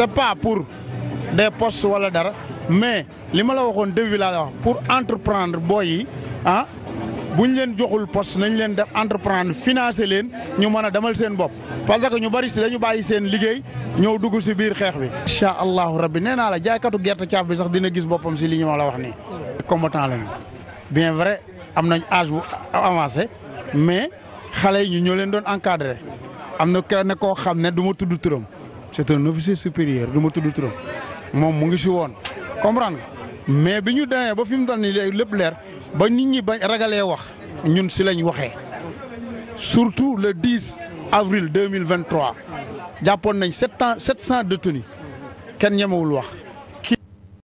c'est pas pour des postes wala dara mais li ma la waxoon début laa la wax pour entreprendre booy yi ah bu ñu leen joxul poste nañ leen def entreprendre financer leen ñu mën a demal seen bopp parce que ñu bari si dañu bàyyi seen liggéey ñëw dugg si biir xeex bi. incha allahu rabbi nee naa la jaaykatu gerte caaf bi sax dina gis boppam si li ñu ma la wax nii. combattant lañu bien vrai am nañ âge bu avancé mais xale yi ñu ñoo leen doon encadré am na kenn koo xam ne du ma tudd turam. c'est un officier supérieur du ma tudd turam moom mu ngi si woon comprendre nga mais bi ñu demee ba fi mu dal ni léegi lépp leer ba nit ñi bañ ragalee wax ñun si lañ waxee surtout le 10 avril 2023 jàppoon nañ sept cent sept cent détenus kenn ñemewul wax